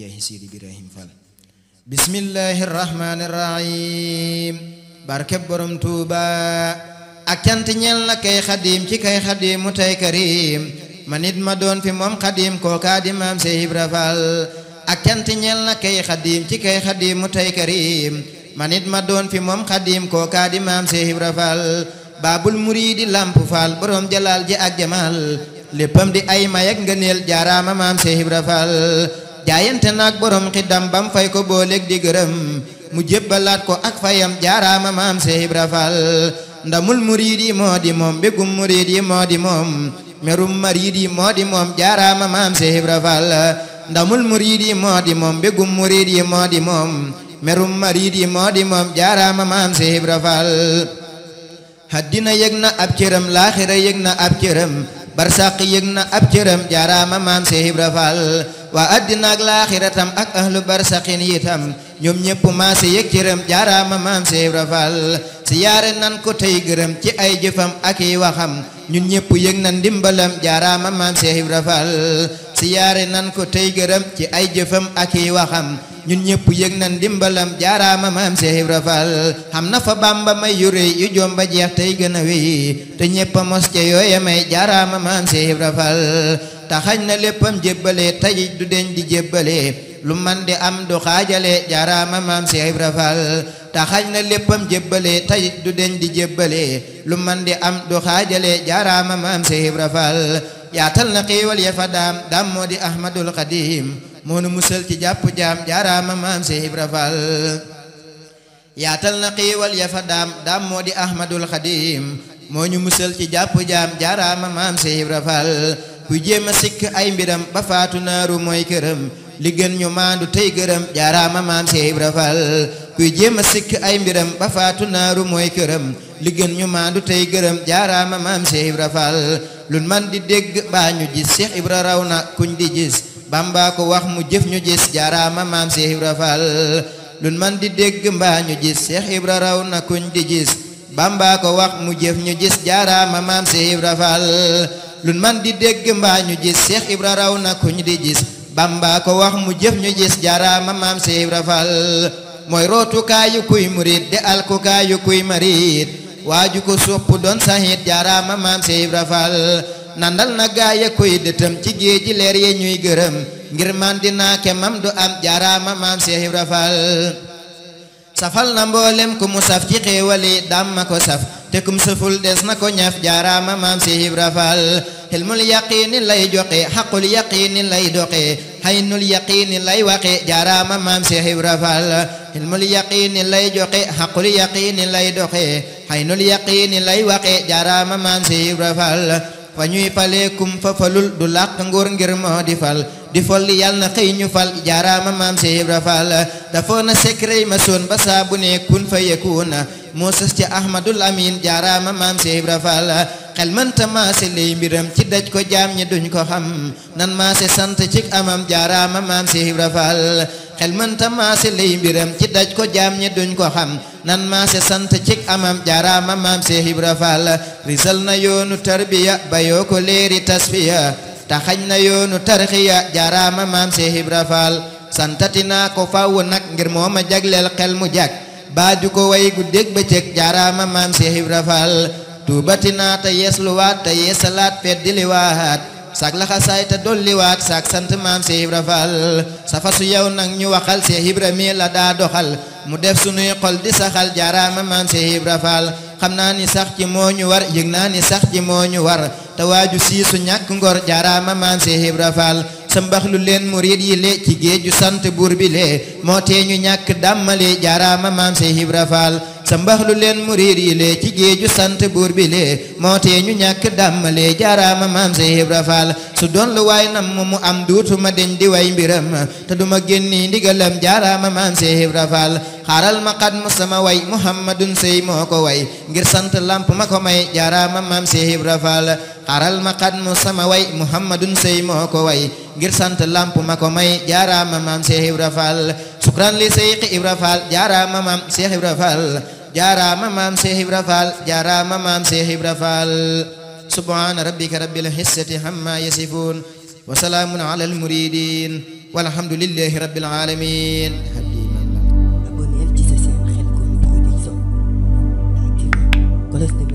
jaahi Seydi Birahim Fall bismillahi barkeb borom tuuba ak cant ñeel na kay xadim ci kay xadim mu tey karim ma nit ma doon fi moom xadim kookaa maam Seex Ibra Fall ak cant na kay xadim ci kay xadim mu tey karim ma nit ma doon fi moom xadim kookaa maam Seex Ibra Fall baabul muriidi lamp faal borom jalaal ji ak jamaal léppam di ay may ak ngëneel jaaraama maam Seex Ibra Fall jaayante naag borom xiddam bam fay ko booleeg di gërëm mu jébbalaat ko ak fayam jaaraama maam Seex Ibra Faal ndamul muriid yi moo moom mbégum muriid yi moo moom merum mariid yi moo di moom jaaraama maam Seex Ibra Faal ndamul muriid moo di moom mbégum muriid yi moo di di moom jaaraama maam Seex Ibra Faal haddina yëg na ab cëram laaxira yëg ab cëram barsàq yëg ab cëram jaaraama maam Seex Ibra Faal waa addina ak laaxiratam ak ahlu barsaxin yitam ñoom ñépp maa yëg cëram jaaraama maam si Ibra Fall si yaare nan ko tey gërëm ci ay jëfam ak waxam ñun ñépp yëg na ndimbalam jaaraama maam si Ibra Fall si yaare nan ko tey gërëm ci ay jëfam ak waxam ñun ñépp yëg na ndimbalam jaaraama maam Cheikh Ibra Fall xam na fa ba may yu yu jomba jeex tey gën a te ñépp a mos ca yooya may jaaraama maam Cheikh Ibra Fall taxañ na léppam jébbale tayit du deñ di jébbale lu man di am du xaajale jaaraama maam Seex Ibra Faal taxañ na léppam jébbale tayit du deñ di jébbale lu man di am du xaajale jaaraama maam Seex Ibra Faal yaatal na xéewal ya fa ci jàpp jaam jaaraama yaatal na xéewal ya fa daam daam moo di Ahmadul Xadiim moo ñu musal ci jàpp jaam jaaraama maam Seex Ibra Faal ku jéem a sikk ay mbiram ba faatu naaru mooy këram li gën ñu maandu tey gërëm jaaraama maam Seex Ibra Faal kuy jéem a sikk ay mbiram ba faatu naaru mooy këram li gën ñu maandu tey gërëm jaaraama maam Seex Ibra Faal lun man di dégg baa ñu gis Seex Ibra raw na kuñ di gis Bamba ko wax mu jëf ñu gis jaaraama maam Seex Ibra Faal lun man di dégg mbaa ñu gis Seex Ibra raw na kuñ di gis Bamba ko wax mu jëf ñu gis jaaraama maam Seex Ibra Faal lu man di dégg mbaa ñu gis Seex Ibra raw na ku ñu di gis Bamba ko wax mu jëf ñu gis jaaraama maam Seex Ibra Fall mooy rootukaayu kuy murit de alkukaayu kuy marit waaju ko sopp doon sahit jaaraama maam Seex Ibra Fall nandal na gaaya koy dëtëm ci géej leer ye ñuy gërëm ngir man di naa kemam du am jaaraama maam Seex Ibra Fall safal na mboolem ku mu saf ci xéewal yi ko saf te kum saful des na ko ñaf jaaraama maam si Ibra Faal xilmul yaqiini lay joxe xaqul yaqiini lay doxe xaynul yaqiini lay waxe jaaraama maam si Ibra Faal xilmul yaqiini lay joxe xaqul yaqiini lay doxe xaynul yaqiini lay waxe jaaraama maam si Ibra Faal fa ñuy fale kum fa falul du làq nguur ngir moo fal di folli yal na xëy ñu fal jaaraama maam Cheikh Ibra Fall dafa na secret masoon ba saa kun fa yekun moo sës ci Ahmadul Amin jaaraama maam Cheikh Ibra Fall xel mënta maase ci daj ko jaam ñi ko xam nan maase sant ci amam jaaraama maam xel mënta maase lay mbiram ci daj ko jaam ñi duñ ko xam nan maase sant ci amam jaaraama maam Cheikh Ibra Fall risal na yoonu tarbiya bayoo ko leeri tasfiya te xañ na yoonu tarxiya jaaraama maam Seex Ibra Faal santati naa ko fàww nag ngir moom a jagleel xel mu baa ju ko way guddeeg bëccëg jaaraama maam Seex Ibra Faal tuubati naa te yeesluwaat te yeesalaat feddiliwaat saak laxa saay te dolliwaat saak sant maam Seex Ibra Faal safasu yow nag ñu waxal Seex Ibra mi la daa doxal mu def sunuy xol di saxal jaaraama maam Seex Ibra Faal xam naa ni sax ci moo ñu war yëg naa ni sax ci moo ñu war te waaju siisu ñàkk ngor jaaraama maam Seex Ibra Faal sa mbax lu leen murid yi le ci géeju sant buur bi le moo tee ñu ñàkk dàmmale jaaraama maam Seex Ibra Faal sa mbax lu leen murid yi le ci géeju sant buur bi le moo tee ñu ñàkk dàmmale jaaraama maam Seex Ibra Faal su doon lu waay mu am duutuma deñ di way mbiram te duma génni ndigalam jaaraama maam Seex Ibra Faal xaaral ma xat mu sama way muhammadun sey moo way ngir sant lamp ma ko may jaaraama maam Seex Ibra Faal xaaral ma xat mu way muhammadun sey moo way ngir sant lamp ma ko may jaaraama maam Seex Ibra Faal sukran li Seex Ibra Faal jaaraama maam maam Seex Ibra Faal jaaraama maam Seex Ibra Faal subhaana yasifuun wa salaamun alal muridiin walhamdulillahi rabbil aalamiin listening.